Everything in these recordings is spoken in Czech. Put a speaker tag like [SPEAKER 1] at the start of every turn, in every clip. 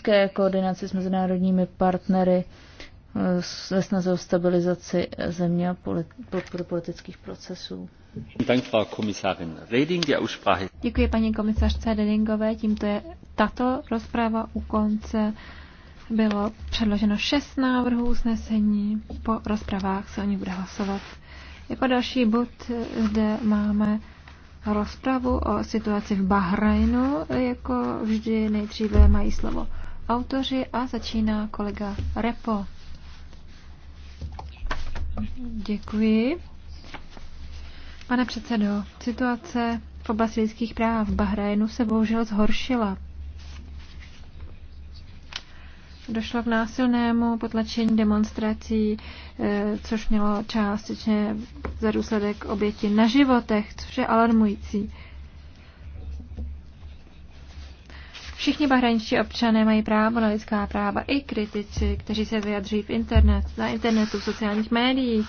[SPEAKER 1] úzké koordinaci s mezinárodními partnery eh, ve snaze o stabilizaci
[SPEAKER 2] země a podporu politických procesů. Děkuji paní komisařce Redingové. Tímto je tato rozpráva u konce. Bylo předloženo šest návrhů usnesení. Po rozpravách se o nich bude hlasovat. Jako další bod eh, zde máme rozpravu o situaci v Bahrajnu. Jako vždy nejdříve mají slovo autoři a začíná kolega Repo. Děkuji. Pane předsedo, situace v oblasti lidských práv v Bahrajnu se bohužel zhoršila. Došlo k násilnému potlačení demonstrací, eh, což mělo částečně za důsledek oběti na životech, což je alarmující. Všichni bahraničtí občané mají právo na lidská práva, i kritici, kteří se vyjadří v internet, na internetu, v sociálních médiích.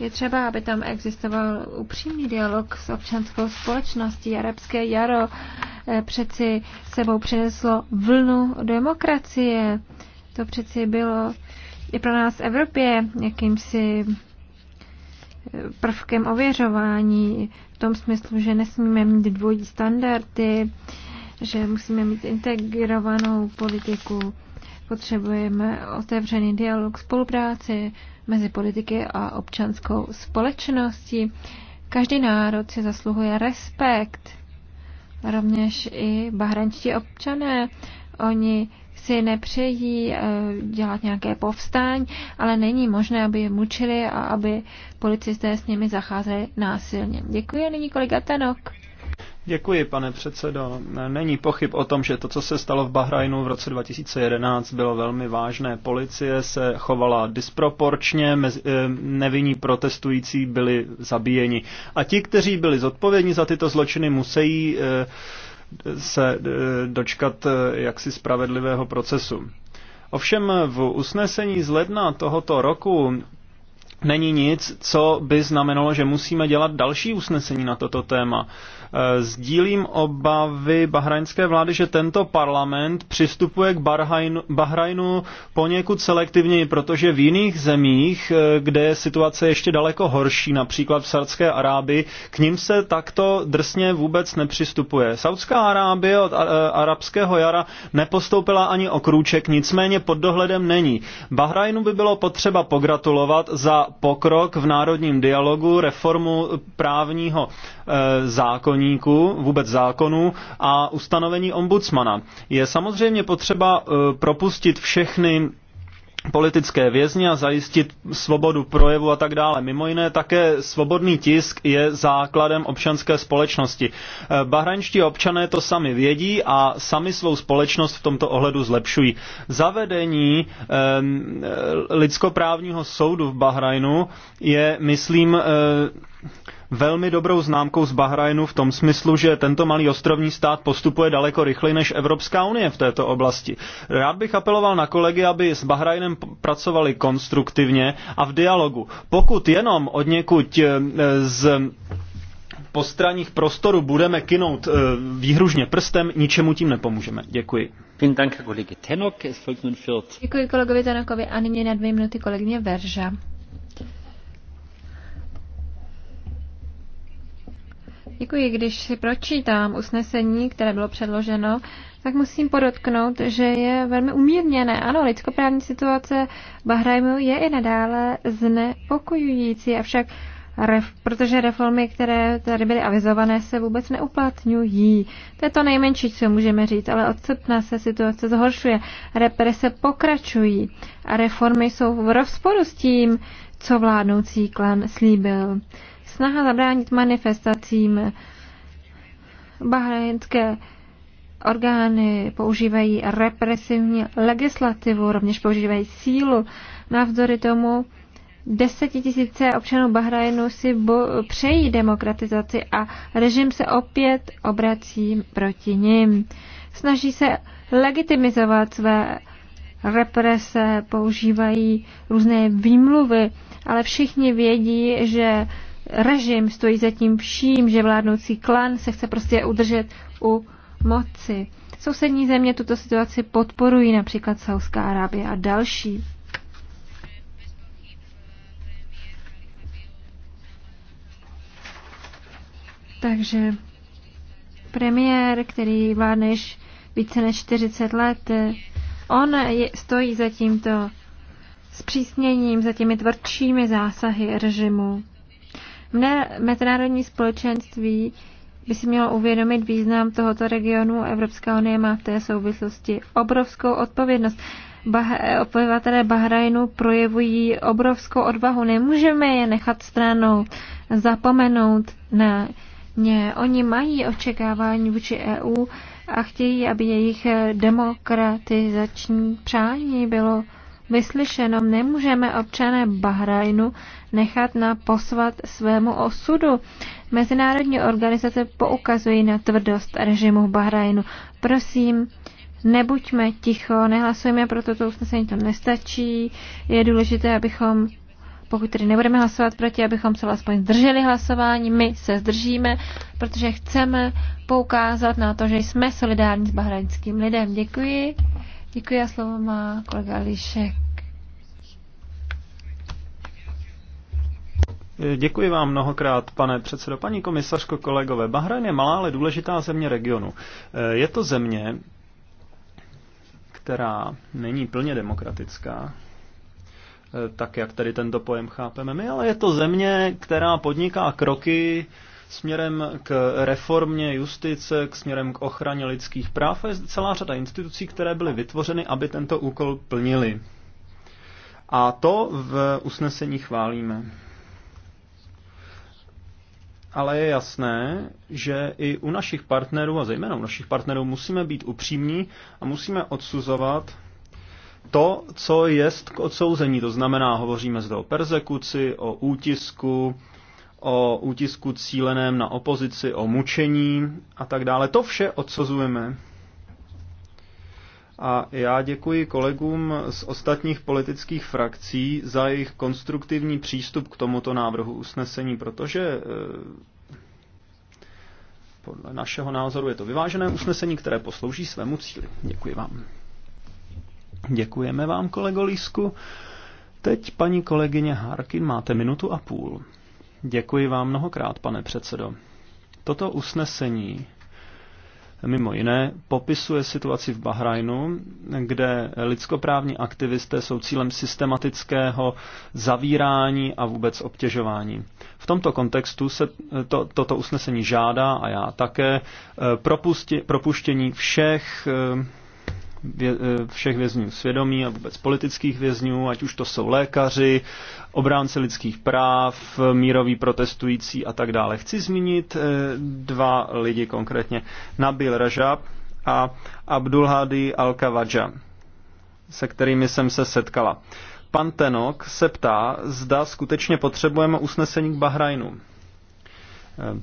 [SPEAKER 2] Je třeba, aby tam existoval upřímný dialog s občanskou společností. Arabské jaro eh, přeci sebou přineslo vlnu demokracie. To přeci bylo i pro nás v Evropě jakýmsi eh, prvkem ověřování v tom smyslu, že nesmíme mít dvojí standardy, že musíme mít integrovanou politiku, potřebujeme otevřený dialog, spolupráci mezi politiky a občanskou společností. Každý národ si zasluhuje respekt, rovněž i bahrančtí občané. Oni si nepřejí eh, dělat nějaké povstání, ale není možné, aby je mučili a aby policisté s nimi zacházeli násilně. Děkuji, nyní kolega Tanok.
[SPEAKER 3] Děkuji, pane předsedo. Není pochyb o tom, že to, co se stalo v Bahrajnu v roce 2011, bylo velmi vážné. Policie se chovala disproporčně, eh, nevinní protestující byli zabíjeni. A ti, kteří byli zodpovědní za tyto zločiny, musí eh, se eh, dočkat jaksi spravedlivého procesu. Ovšem v usnesení z ledna tohoto roku není nic, co by znamenalo, že musíme dělat další usnesení na toto téma. Eh, sdílím obavy bahrajnské vlády, že tento parlament přistupuje k Bahrajnu, Bahrajnu poněkud selektivněji, protože v jiných zemích, eh, kde je situace ještě daleko horší, například v Saudské Arábii, k ním se takto drsně vůbec nepřistupuje. Saudská Arábie od eh, arabského jara nepostoupila ani o krůček, nicméně pod dohledem není. Bahrajnu by bylo potřeba pogratulovat za pokrok v národním dialogu, reformu právního e, zákona, zákonníku, vůbec zákonu a ustanovení ombudsmana. Je samozřejmě potřeba eh, propustit všechny politické vězně a zajistit svobodu projevu a tak dále. Mimo jiné také svobodný tisk je základem občanské společnosti. Eh, bahrajnští občané to sami vědí a sami svou společnost v tomto ohledu zlepšují. Zavedení ehm, eh, lidskoprávního soudu v Bahrajnu je, myslím, eh, velmi dobrou známkou z Bahrajnu v tom smyslu, že tento malý ostrovní stát postupuje daleko rychleji než Evropská unie v této oblasti. Rád bych apeloval na kolegy, aby s Bahrajnem pracovali konstruktivně a v dialogu. Pokud jenom od někud e, z postranních prostoru budeme kinout e, výhružně prstem, ničemu tím nepomůžeme. Děkuji.
[SPEAKER 2] Děkuji kolegovi Tenokovi a nyní na dvě minuty kolegyně Verža. Děkuji. Když si pročítám usnesení, které bylo předloženo, tak musím podotknout, že je velmi umírněné. Ano, lidskoprávní situace Bahrajmu je i nadále znepokojující, avšak Ref, protože reformy, které tady byly avizované, se vůbec neuplatňují. To je to nejmenší, co můžeme říct, ale od srpna se situace zhoršuje. Represe pokračují a reformy jsou v rozporu s tím, co vládnoucí klan slíbil snaha zabránit manifestacím. Bahrajnské orgány používají represivní legislativu, rovněž používají sílu. Navzdory tomu desetitisíce občanů Bahrajnu si bo- přejí demokratizaci a režim se opět obrací proti nim. Snaží se legitimizovat své represe, používají různé výmluvy, ale všichni vědí, že režim stojí za tím vším, že vládnoucí klan se chce prostě udržet u moci. Sousední země tuto situaci podporují, například Saudská Arábie a další. Takže premiér, který vládne již více než 40 let, on je, stojí za tímto zpřísněním, za těmi tvrdšími zásahy režimu. Mne mezinárodní společenství by si mělo uvědomit význam tohoto regionu. Evropská unie má v té souvislosti obrovskou odpovědnost. Bah- obyvatelé Bahrajnu projevují obrovskou odvahu. Nemůžeme je nechat stranou, zapomenout na ně. Oni mají očekávání vůči EU a chtějí, aby jejich demokratizační přání bylo vyslyšeno. Nemůžeme občané Bahrajnu nechat na posvat svému osudu. Mezinárodní organizace poukazují na tvrdost režimu v Bahrajnu. Prosím, nebuďme ticho, nehlasujeme pro toto usnesení, to nestačí. Je důležité, abychom pokud tedy nebudeme hlasovat proti, abychom se alespoň zdrželi hlasování, my se zdržíme, protože chceme poukázat na to, že jsme solidární s bahrajnským lidem. Děkuji. Děkuji a slovo má kolega Lišek.
[SPEAKER 3] Děkuji vám mnohokrát, pane předsedo. Paní komisařko, kolegové, Bahrajn je malá, ale důležitá země regionu. Eh, je to země, která není plně demokratická, eh, tak jak tady tento pojem chápeme my, ale je to země, která podniká kroky směrem k reformě justice, k směrem k ochraně lidských práv a je celá řada institucí, které byly vytvořeny, aby tento úkol plnili. A to v usnesení chválíme. Ale je jasné, že i u našich partnerů, a zejména u našich partnerů, musíme být upřímní a musíme odsuzovat to, co jest k odsouzení. To znamená, hovoříme zde o persekuci, o útisku, o útisku cíleném na opozici, o mučení a tak dále. To vše odsuzujeme. A já děkuji kolegům z ostatních politických frakcí za jejich konstruktivní přístup k tomuto návrhu usnesení, protože eh, podle našeho názoru je to vyvážené usnesení, které poslouží svému cíli. Děkuji vám. Děkujeme vám, kolego Lísku. Teď paní kolegyně Harkin máte minutu a půl. Děkuji vám mnohokrát, pane předsedo. Toto usnesení mimo jiné popisuje situaci v Bahrajnu, kde lidskoprávní aktivisté jsou cílem systematického zavírání a vůbec obtěžování. V tomto kontextu se eh, to, toto usnesení žádá a já také eh, propustě, propuštění všech eh, vě, eh, všech vězňů svědomí a vůbec politických vězňů, ať už to jsou lékaři, obránci lidských práv, míroví protestující a tak dále. Chci zmínit eh, dva lidi konkrétně, Nabil Rajab a Abdulhadi Al-Kawadja, se kterými jsem se setkala. Pan Tenok se ptá, zda skutečně potřebujeme usnesení k Bahrajnu. Eh,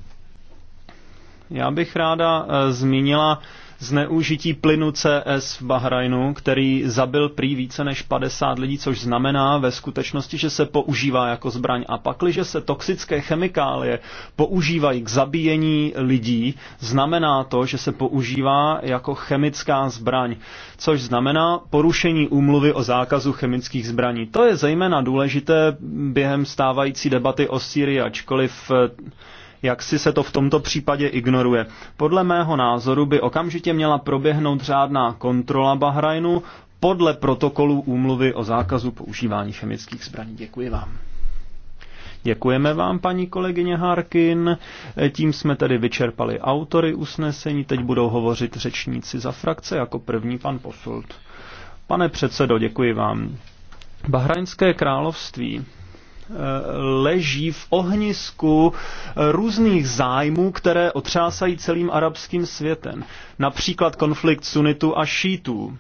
[SPEAKER 3] já bych ráda zmínila zneužití plynu CS v Bahrajnu, který zabil prý více než 50 lidí, což znamená ve skutečnosti, že se používá jako zbraň. A když se toxické chemikálie používají k zabíjení lidí, znamená to, že se používá jako chemická zbraň, což znamená porušení úmluvy o zákazu chemických zbraní. To je zejména důležité během stávající debaty o Syrii, ačkoliv eh, jak si se to v tomto případě ignoruje. Podle mého názoru by okamžitě měla proběhnout řádná kontrola Bahrajnu podle protokolu úmluvy o zákazu používání chemických zbraní. Děkuji vám. Děkujeme vám, paní kolegyně Harkin. Tím jsme tedy vyčerpali autory usnesení. Teď budou hovořit řečníci za frakce, jako první pan Posult. Pane předsedo, děkuji vám. Bahrajnské království Eh, leží v ohnisku eh, různých zájmů, které otřásají celým arabským světem. Například konflikt Sunitu a šítů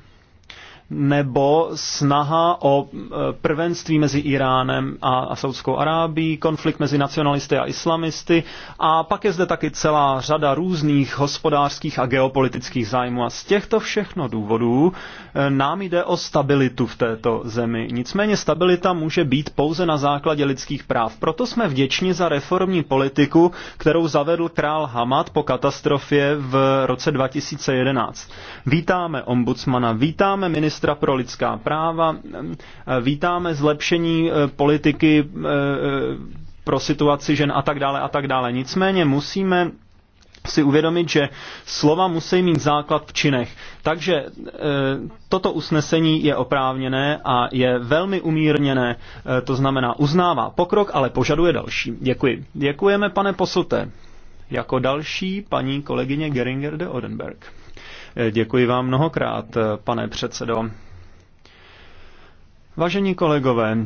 [SPEAKER 3] nebo snaha o e, prvenství mezi Iránem a, a Saudskou Arábií, konflikt mezi nacionalisty a islamisty a pak je zde taky celá řada různých hospodářských a geopolitických zájmů a z těchto všechno důvodů e, nám jde o stabilitu v této zemi. Nicméně stabilita může být pouze na základě lidských práv. Proto jsme vděční za reformní politiku, kterou zavedl král Hamad po katastrofě v roce 2011. Vítáme ombudsmana, vítáme ministra ministra pro lidská práva. Vítáme zlepšení eh, politiky eh, eh, pro situaci žen a tak dále a tak dále. Nicméně musíme si uvědomit, že slova musí mít základ v činech. Takže e, toto usnesení je oprávněné a je velmi umírněné, e, to znamená uznává pokrok, ale požaduje další. Děkuji. Děkujeme, pane poslute. Jako další paní kolegyně Geringer de Odenberg. Děkuji vám mnohokrát, pane předsedo. Vážení kolegové,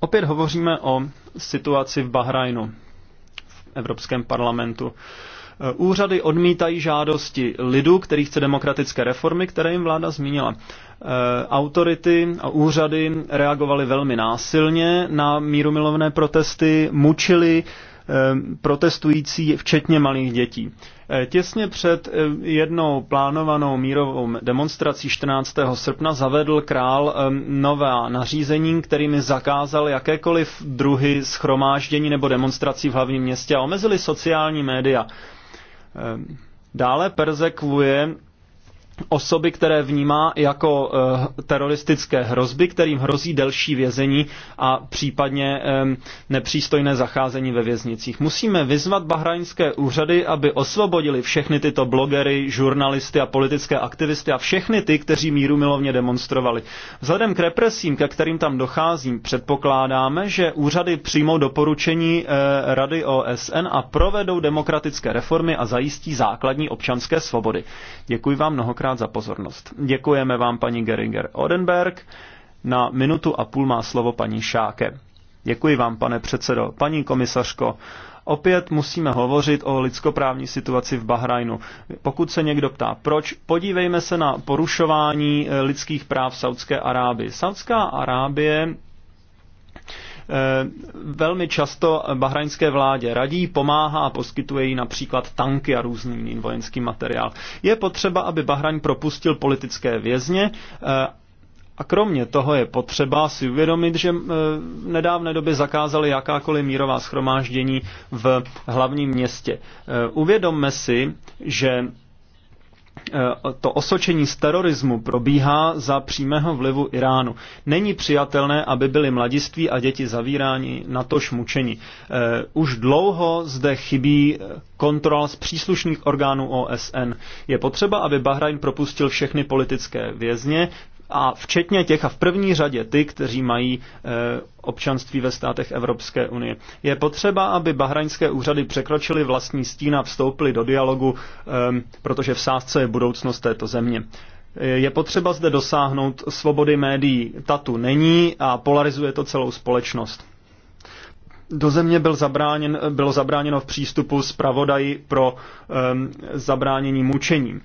[SPEAKER 3] opět hovoříme o situaci v Bahrajnu v Evropském parlamentu. Úřady odmítají žádosti lidu, který chce demokratické reformy, které jim vláda zmínila. Autority a úřady reagovaly velmi násilně na mírumilovné protesty, mučili eh, protestující, včetně malých dětí. Eh, těsně před eh, jednou plánovanou mírovou demonstrací 14. srpna zavedl král nová nařízení, kterými zakázal jakékoliv druhy schromáždění nebo demonstrací v hlavním městě a omezili sociální média. Dále perzekvuje osoby, které vnímá jako eh, teroristické hrozby, kterým hrozí delší vězení a případně nepřístojné zacházení ve věznicích. Musíme vyzvat bahrajnské úřady, aby osvobodili všechny tyto blogery, žurnalisty a politické aktivisty a všechny ty, kteří míru milovně demonstrovali. Vzhledem k represím, ke kterým tam docházím, předpokládáme, že úřady přijmou doporučení eh, Rady OSN a provedou demokratické reformy a zajistí základní občanské svobody. Děkuji vám mnohokrát mnohokrát za pozornost. Děkujeme vám, paní Geringer Odenberg. Na minutu a půl má slovo paní Šáke. Děkuji vám, pane předsedo. Paní komisařko, opět musíme hovořit o lidskoprávní situaci v Bahrajnu. Pokud se někdo ptá, proč, podívejme se na porušování lidských práv v Saudské Arábii. Saudská Arábie Eh, velmi často bahrajnské vládě radí, pomáhá a poskytuje jí například tanky a různý jiný vojenský materiál. Je potřeba, aby Bahrajn propustil politické vězně eh, a kromě toho je potřeba si uvědomit, že eh, v nedávné době zakázali jakákoliv mírová schromáždění v hlavním městě. Uvědomme si, že Eh, to osočení z terorismu probíhá za přímého vlivu Iránu. Není přijatelné, aby byli mladiství a děti zavíráni, na tož mučení. Eh, už dlouho zde chybí eh, kontrol z příslušných orgánů OSN. Je potřeba, aby Bahrajn propustil všechny politické vězně, a včetně těch a v první řadě ty, kteří mají eh, občanství ve státech Evropské unie. Je potřeba, aby bahrajnské úřady překročily vlastní stín a vstoupily do dialogu, ehm, protože v sázce je budoucnost této země. Eh, je potřeba zde dosáhnout svobody médií. Tatu není a polarizuje to celou společnost. Do země byl zabráněn, bylo zabráněno v přístupu zpravodaji pro um, zabránění mučení.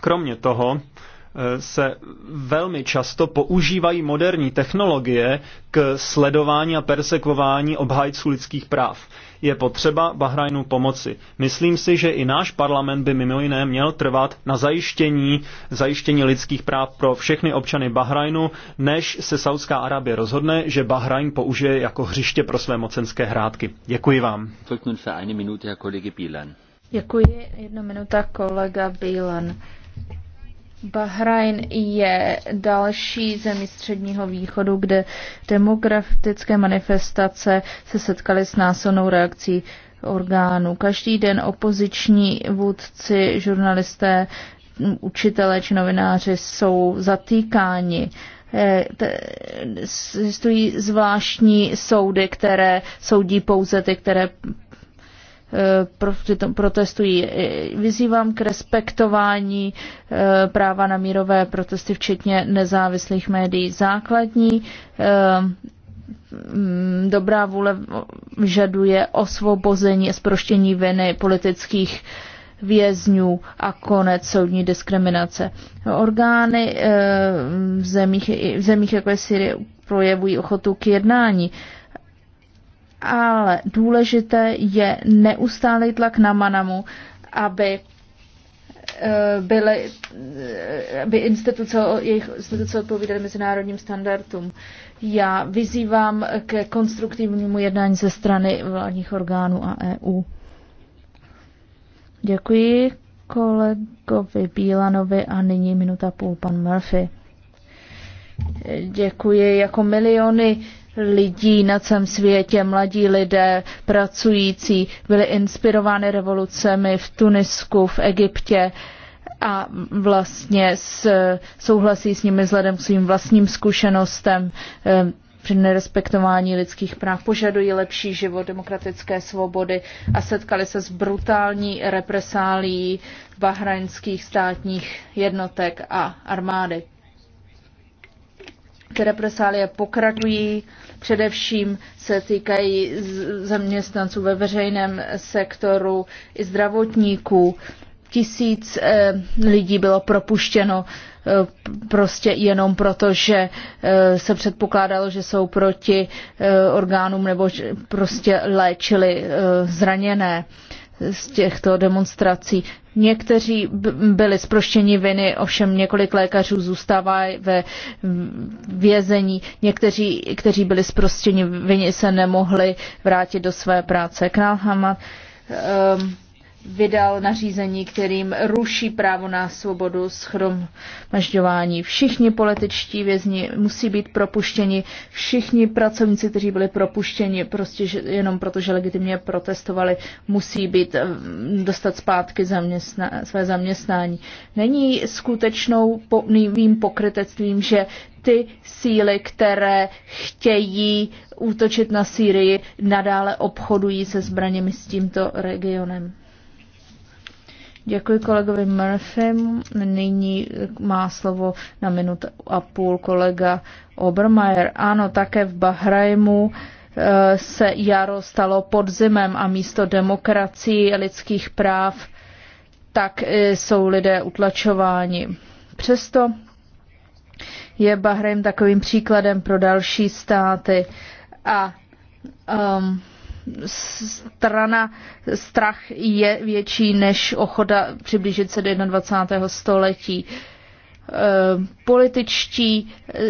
[SPEAKER 3] Kromě toho, se velmi často používají moderní technologie k sledování a persekvování obhájců lidských práv. Je potřeba Bahrajnu pomoci. Myslím si, že i náš parlament by mimo jiné měl trvat na zajištění, zajištění lidských práv pro všechny občany Bahrajnu, než se Saudská Arábie rozhodne, že Bahrajn použije jako hřiště pro své mocenské hrádky. Děkuji vám.
[SPEAKER 1] Děkuji. Jedna minuta kolega Bílan. Bahrajn je další zemí středního východu, kde demografické manifestace se setkaly s násilnou reakcí orgánů. Každý den opoziční vůdci, žurnalisté, učitelé či novináři jsou zatýkáni. Eh, existují zvláštní soudy, které soudí pouze ty, které Eh, protestují. Eh, vyzývám k respektování eh, práva na mírové protesty, včetně nezávislých médií. Základní mm, dobrá vůle žaduje osvobození a zproštění viny politických vězňů a konec soudní diskriminace. Orgány v zemích, v zemích jako je Syrie projevují ochotu k jednání ale důležité je neustálý tlak na Manamu, aby eh, byly, eh, aby instituce, jejich instituce odpovídaly mezinárodním standardům. Já vyzývám ke konstruktivnímu jednání ze strany vládních orgánů a EU. Děkuji kolegovi Bílanovi a nyní minuta půl pan Murphy. Děkuji jako miliony lidí na celém světě, mladí lidé, pracující, byli inspirovány revolucemi v Tunisku, v Egyptě a vlastně s, souhlasí s nimi vzhledem k svým vlastním zkušenostem eh, při nerespektování lidských práv, požadují lepší život, demokratické svobody a setkali se s brutální represálí bahrajnských státních jednotek a armády. Ty represálie pokračují, především se týkají zaměstnanců ve veřejném sektoru i zdravotníků. Tisíc eh, lidí bylo propuštěno eh, prostě jenom proto, že eh, se předpokládalo, že jsou proti orgánům nebo prostě léčili zraněné z těchto demonstrací. Někteří byli zproštěni viny, ovšem několik lékařů zůstává ve vězení. Někteří, kteří byli zproštěni viny, se nemohli vrátit do své práce. Král um, ehm, vydal nařízení, kterým ruší právo na svobodu schromažďování. Všichni političtí vězni musí být propuštěni, všichni pracovníci, kteří byli propuštěni prostě jenom proto, že legitimně protestovali, musí být eh, dostat zpátky zaměstna, své zaměstnání. Není skutečnou po, nejvým pokrytectvím, že ty síly, které chtějí útočit na Sýrii, nadále obchodují se zbraněmi s tímto regionem. Děkuji kolegovi Murphym. Nyní má slovo na minutu a půl kolega Obermeier. Ano, také v Bahrajmu eh, se jaro stalo podzimem a místo demokracii, lidských práv, tak eh, jsou lidé utlačováni. Přesto je Bahrajn takovým příkladem pro další státy a um, strana, strach je větší než ochota přiblížit se do 21. století. E, političtí e,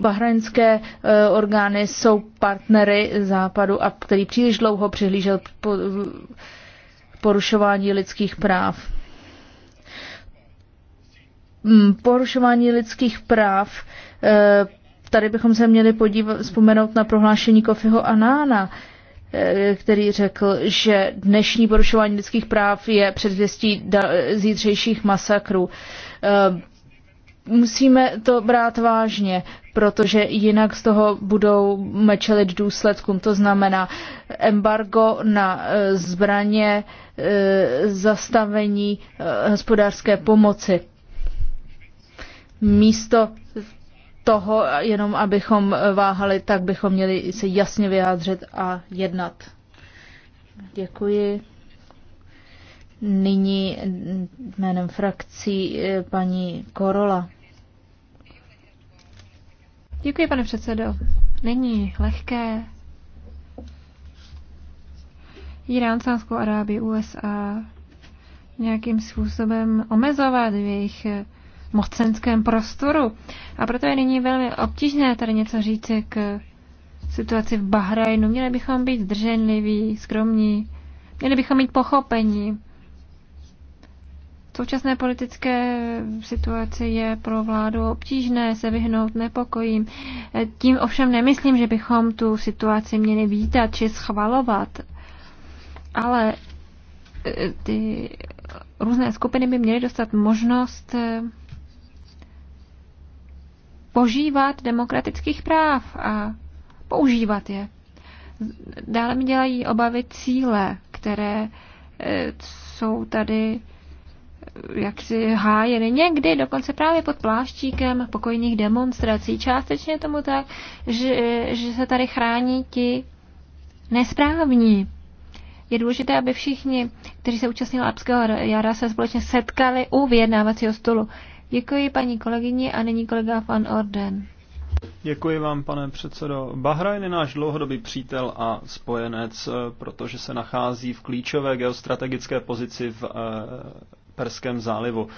[SPEAKER 1] bahrajnské e, orgány jsou partnery Západu, a který příliš dlouho přihlížel porušování lidských práv. Mm, porušování lidských práv tady bychom se měli podívat, vzpomenout na prohlášení Kofiho Anána, eh, který řekl, že dnešní porušování lidských práv je předvěstí zítřejších masakrů. Eh, musíme to brát vážně, protože jinak z toho budou mečelit důsledkům. To znamená embargo na eh, zbraně, zastavení hospodářské pomoci. Místo toho, jenom abychom váhali, tak bychom měli se jasně vyjádřit a jednat. Děkuji. Nyní jménem frakcí eh, paní
[SPEAKER 2] Korola. Děkuji, pane předsedo. Není lehké Irán, Sánskou Arábii, USA nějakým způsobem omezovat v jejich mocenském prostoru. A proto je nyní velmi obtížné tady něco říci k situaci v Bahrajnu. Měli bychom být zdrženliví, skromní, měli bychom mít pochopení. V současné politické situaci je pro vládu obtížné se vyhnout nepokojím. Tím ovšem nemyslím, že bychom tu situaci měli vítat či schvalovat, ale e, ty různé skupiny by měly dostat možnost e, požívat demokratických práv a používat je. Dále mi dělají obavy cíle, které e, jsou tady e, jaksi hájeny někdy, dokonce právě pod pláštíkem pokojných demonstrací. Částečně tomu tak, že, že se tady chrání ti nesprávní. Je důležité, aby všichni, kteří se účastnili Lapského jara, se společně setkali u vyjednávacího stolu. Děkuji paní kolegyni a nyní kolega van Orden.
[SPEAKER 3] Děkuji vám, pane předsedo. Bahrajn je náš dlouhodobý přítel a spojenec, eh, protože se nachází v klíčové geostrategické pozici v eh, Perském zálivu.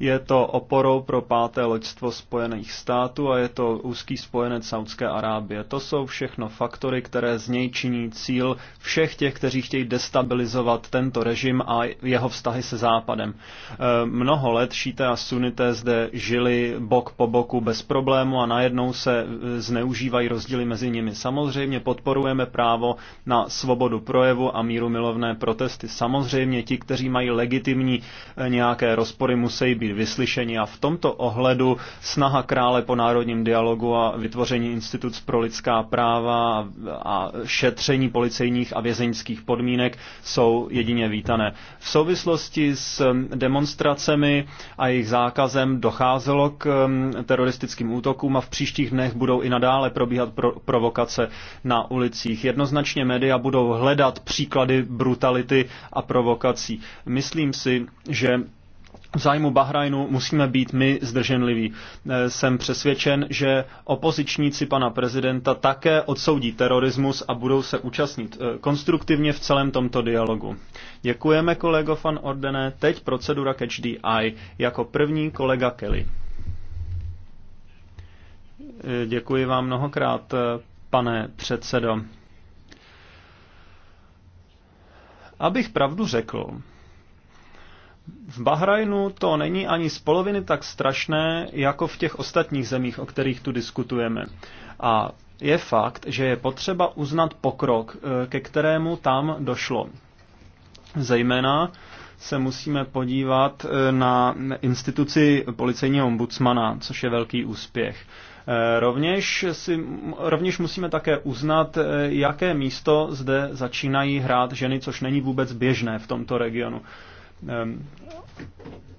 [SPEAKER 3] Je to oporou pro páté loďstvo Spojených států a je to úzký spojenec Saudské Arábie. To jsou všechno faktory, které z něj činí cíl všech těch, kteří chtějí destabilizovat tento režim a jeho vztahy se Západem. E, mnoho let šíte a sunité zde žili bok po boku bez problému a najednou se e, zneužívají rozdíly mezi nimi. Samozřejmě podporujeme právo na svobodu projevu a míru milovné protesty. Samozřejmě ti, kteří mají legitimní e, nějaké rozpory, musí být vyslyšeni a v tomto ohledu snaha krále po národním dialogu a vytvoření instituc pro lidská práva a šetření policejních a vězeňských podmínek jsou jedině vítané. V souvislosti s um, demonstracemi a jejich zákazem docházelo k um, teroristickým útokům a v příštích dnech budou i nadále probíhat pro- provokace na ulicích. Jednoznačně média budou hledat příklady brutality a provokací. Myslím si, že v zájmu Bahrajnu musíme být my zdrženliví. E, jsem přesvědčen, že opozičníci pana prezidenta také odsoudí terorismus a budou se účastnit e, konstruktivně v celém tomto dialogu. Děkujeme, kolego van Ordene. Teď procedura Catch the Eye. Jako první kolega Kelly. E, děkuji vám mnohokrát, pane předsedo. Abych pravdu řekl, v Bahrajnu to není ani z poloviny tak strašné, jako v těch ostatních zemích, o kterých tu diskutujeme. A je fakt, že je potřeba uznat pokrok, eh, ke kterému tam došlo. Zejména se musíme podívat eh, na instituci policejního ombudsmana, což je velký úspěch. Eh, rovněž, si, rovněž musíme také uznat, jaké místo zde začínají hrát ženy, což není vůbec běžné v tomto regionu. Ehm,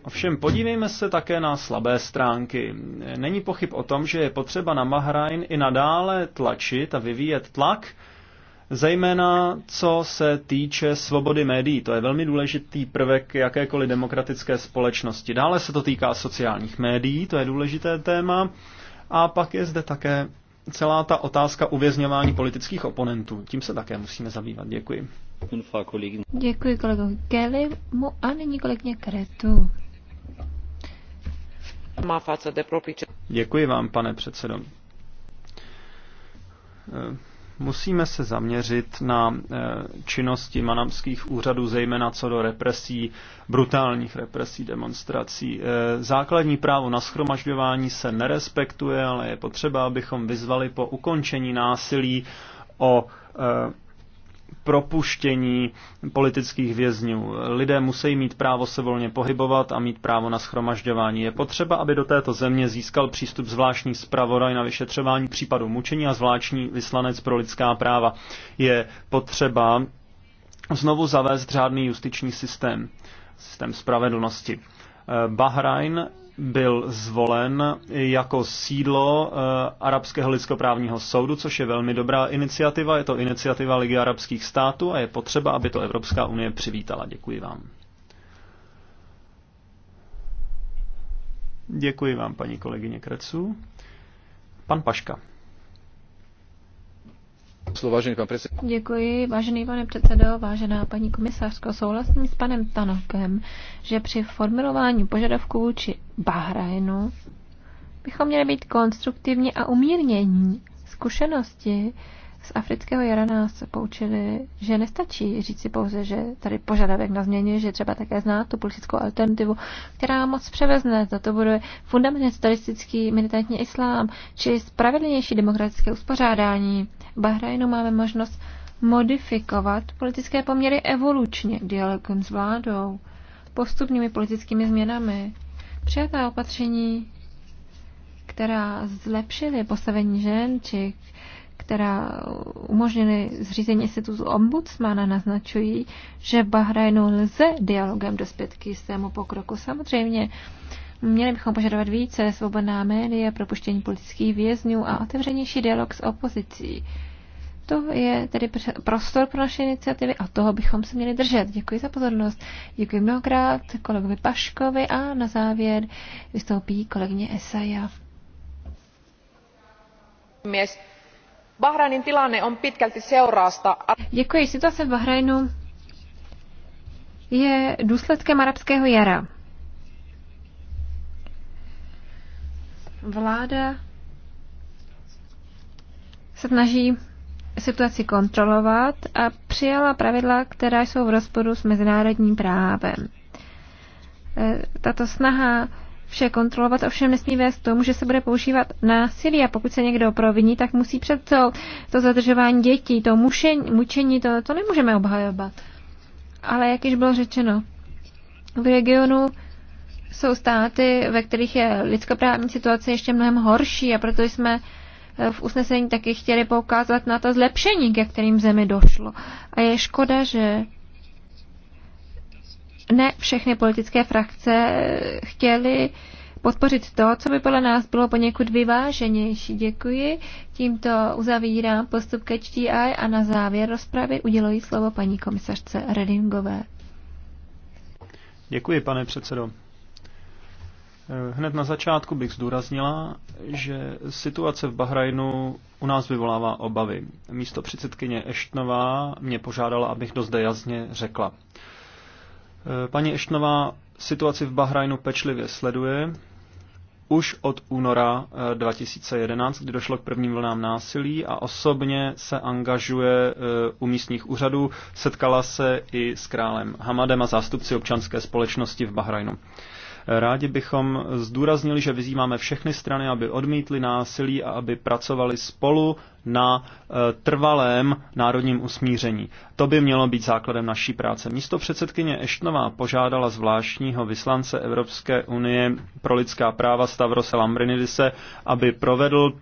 [SPEAKER 3] ovšem podívejme se také na slabé stránky. Není pochyb o tom, že je potřeba na Mahrain i nadále tlačit a vyvíjet tlak, zejména co se týče svobody médií. To je velmi důležitý prvek jakékoliv demokratické společnosti. Dále se to týká sociálních médií, to je důležité téma. A pak je zde také celá ta otázka uvězňování politických oponentů. Tím se také musíme zabývat. Děkuji.
[SPEAKER 2] Děkuji kolegu Kellymu a nyní kolegně Kretu.
[SPEAKER 3] Děkuji vám, pane předsedo. E, musíme se zaměřit na e, činnosti manamských úřadů, zejména co do represí, brutálních represí demonstrací. E, základní právo na schromažďování se nerespektuje, ale je potřeba, abychom vyzvali po ukončení násilí o propuštění politických vězňů. Lidé musí mít právo se volně pohybovat a mít právo na schromažďování. Je potřeba, aby do této země získal přístup zvláštní zpravodaj na vyšetřování případů mučení a zvláštní vyslanec pro lidská práva. Je potřeba znovu zavést řádný justiční systém, systém spravedlnosti. Eh, Bahrajn byl zvolen jako sídlo eh, Arabského lidskoprávního soudu, což je velmi dobrá iniciativa. Je to iniciativa Ligy arabských států a je potřeba, aby to Evropská unie přivítala. Děkuji vám. Děkuji vám, paní kolegyně Krecu. Pan Paška.
[SPEAKER 2] Děkuji, vážený pane předsedo, vážená paní komisářko. Souhlasím s panem Tanokem, že při formulování požadavků či Bahrajnu bychom měli být konstruktivní a umírnění. Zkušenosti z afrického jara nás poučili, že nestačí říct si pouze, že tady požadavek na změně, že třeba také znát tu politickou alternativu, která moc převezne, za to bude fundamentalistický militantní islám, či spravedlnější demokratické uspořádání. V Bahrajnu máme možnost modifikovat politické poměry evolučně dialogem s vládou, postupnými politickými změnami. Přijatá opatření, která zlepšily postavení žen, či která umožnily zřízení institutu ombudsmana, naznačují, že Bahrajnu lze dialogem dospět k jistému pokroku. Samozřejmě měli bychom požadovat více svobodná média, propuštění politických vězňů a otevřenější dialog s opozicí. To je tedy prostor pro naše iniciativy a toho bychom se měli držet. Děkuji za pozornost. Děkuji mnohokrát kolegovi Paškovi a na závěr vystoupí kolegyně Esaja.
[SPEAKER 1] Měst Bahrainin
[SPEAKER 2] tilanne on pitkälti seurausta. Situace v Bahrajnu je důsledkem arabského jara. Vláda se snaží situaci kontrolovat a přijala pravidla, která jsou v rozporu s mezinárodním právem. E, tato snaha vše kontrolovat, ovšem nesmí vést k tomu, že se bude používat násilí a pokud se někdo proviní, tak musí před to, To zadržování dětí, to mušení, mučení, to, to nemůžeme obhajovat. Ale jak již bylo řečeno, v regionu jsou státy, ve kterých je lidskoprávní situace ještě mnohem horší a proto jsme eh, v usnesení taky chtěli poukázat na to zlepšení, ke kterým zemi došlo. A je škoda, že ne všechny politické frakce chtěly podpořit to, co by podle nás bylo poněkud vyváženější. Děkuji. Tímto uzavírám postup ke HDI a na závěr rozpravy uděluji slovo paní komisařce Redingové.
[SPEAKER 3] Děkuji, pane předsedo. Hned na začátku bych zdůraznila, že situace v Bahrajnu u nás vyvolává obavy. Místo předsedkyně Eštnová mě požádala, abych to zde jasně řekla. Eh, paní Eštnová situaci v Bahrajnu pečlivě sleduje. Už od února 2011, eh, kdy došlo k prvním vlnám násilí a osobně se angažuje eh, u místních úřadů, setkala se i s králem Hamadem a zástupci občanské společnosti v Bahrajnu. Rádi bychom zdůraznili, že vyzýváme všechny strany, aby odmítli násilí a aby pracovali spolu na eh, trvalém národním usmíření. To by mělo být základem naší práce. Místo předsedkyně Eštnová požádala zvláštního vyslance Evropské unie pro lidská práva Stavrose Lambrinidise, aby provedl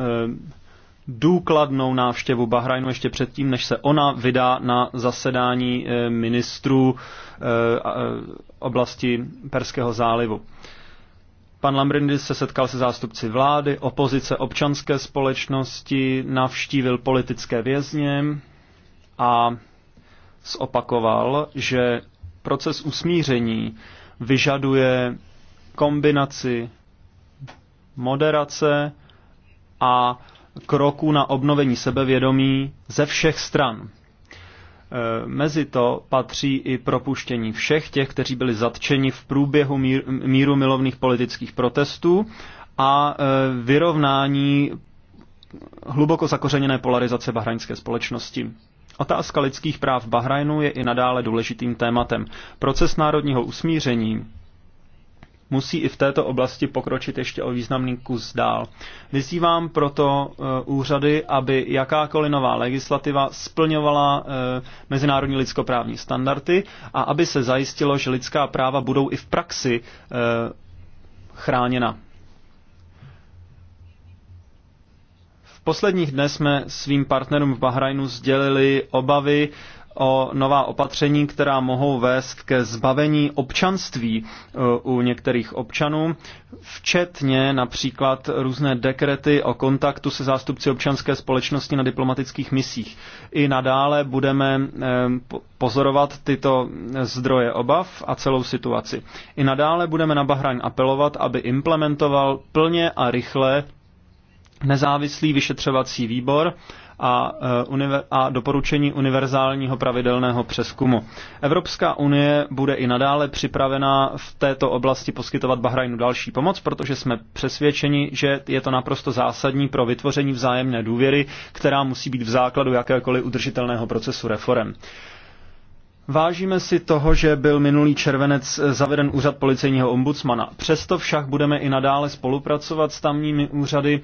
[SPEAKER 3] eh, důkladnou návštěvu Bahrajnu ještě předtím, než se ona vydá na zasedání eh, ministrů eh, eh, oblasti Perského zálivu. Pan Lambrindis se setkal se zástupci vlády, opozice občanské společnosti, navštívil politické vězně a zopakoval, že proces usmíření vyžaduje kombinaci moderace a kroků na obnovení sebevědomí ze všech stran. E, mezi to patří i propuštění všech těch, kteří byli zatčeni v průběhu míru milovných politických protestů a e, vyrovnání hluboko zakořeněné polarizace bahrajnské společnosti. Otázka lidských práv v Bahrajnu je i nadále důležitým tématem. Proces národního usmíření musí i v této oblasti pokročit ještě o významný kus dál. Vyzývám proto eh, úřady, aby jakákoliv nová legislativa splňovala eh, mezinárodní lidskoprávní standardy a aby se zajistilo, že lidská práva budou i v praxi eh, chráněna. posledních dnech jsme svým partnerům v Bahrajnu sdělili obavy o nová opatření, která mohou vést ke zbavení občanství e, u některých občanů, včetně například různé dekrety o kontaktu se zástupci občanské společnosti na diplomatických misích. I nadále budeme e, pozorovat tyto zdroje obav a celou situaci. I nadále budeme na Bahrajn apelovat, aby implementoval plně a rychle nezávislý vyšetřovací výbor a, eh, a doporučení univerzálního pravidelného přeskumu. Evropská unie bude i nadále připravena v této oblasti poskytovat Bahrajnu další pomoc, protože jsme přesvědčeni, že je to naprosto zásadní pro vytvoření vzájemné důvěry, která musí být v základu jakékoliv udržitelného procesu reform. Vážíme si toho, že byl minulý červenec zaveden úřad policejního ombudsmana. Přesto však budeme i nadále spolupracovat s tamními úřady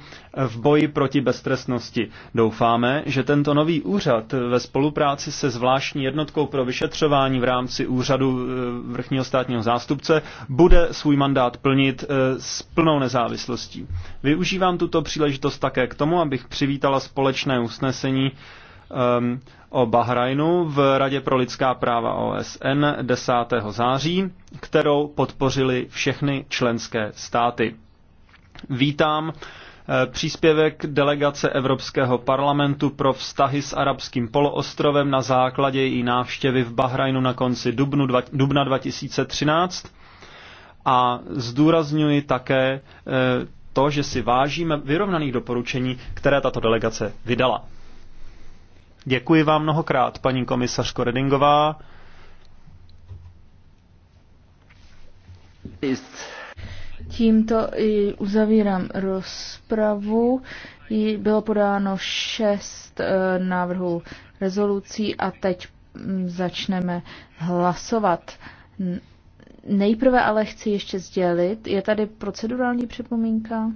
[SPEAKER 3] v boji proti beztrestnosti. Doufáme, že tento nový úřad ve spolupráci se zvláštní jednotkou pro vyšetřování v rámci úřadu eh, vrchního státního zástupce bude svůj mandát plnit eh, s plnou nezávislostí. Využívám tuto příležitost také k tomu, abych přivítala společné usnesení Um, o Bahrajnu v Radě pro lidská práva OSN 10. září, kterou podpořili všechny členské státy. Vítám uh, příspěvek delegace Evropského parlamentu pro vztahy s arabským poloostrovem na základě její návštěvy v Bahrajnu na konci dubnu, dubna 2013 a zdůrazňuji také eh, to, že si vážíme vyrovnaných doporučení, které tato delegace vydala. Děkuji vám mnohokrát, paní komisařko Redingová.
[SPEAKER 1] Tímto i uzavírám rozpravu. Bylo podáno šest eh, návrhů rezolucí a teď mm, začneme hlasovat. Nejprve ale chci ještě sdělit, je tady procedurální připomínka?